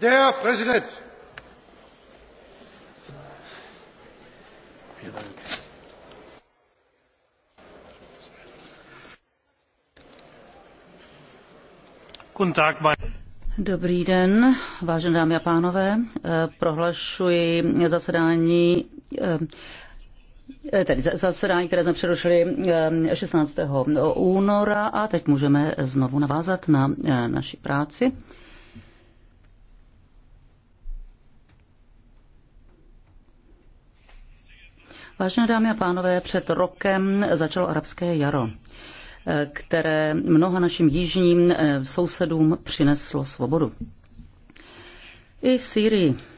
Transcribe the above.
Der Präsident. Vielen Dank. Guten Tag, mein Dobrý den, vážené dámy a pánové. Eh, prohlašuji zasedání eh, Eh, tedy zasedání, které jsme přerušili 16. Eh, února a teď můžeme znovu navázat na eh, naši práci. Vážené dámy a pánové, před rokem začalo arabské jaro, které mnoha našim jižním sousedům přineslo svobodu. I v Sýrii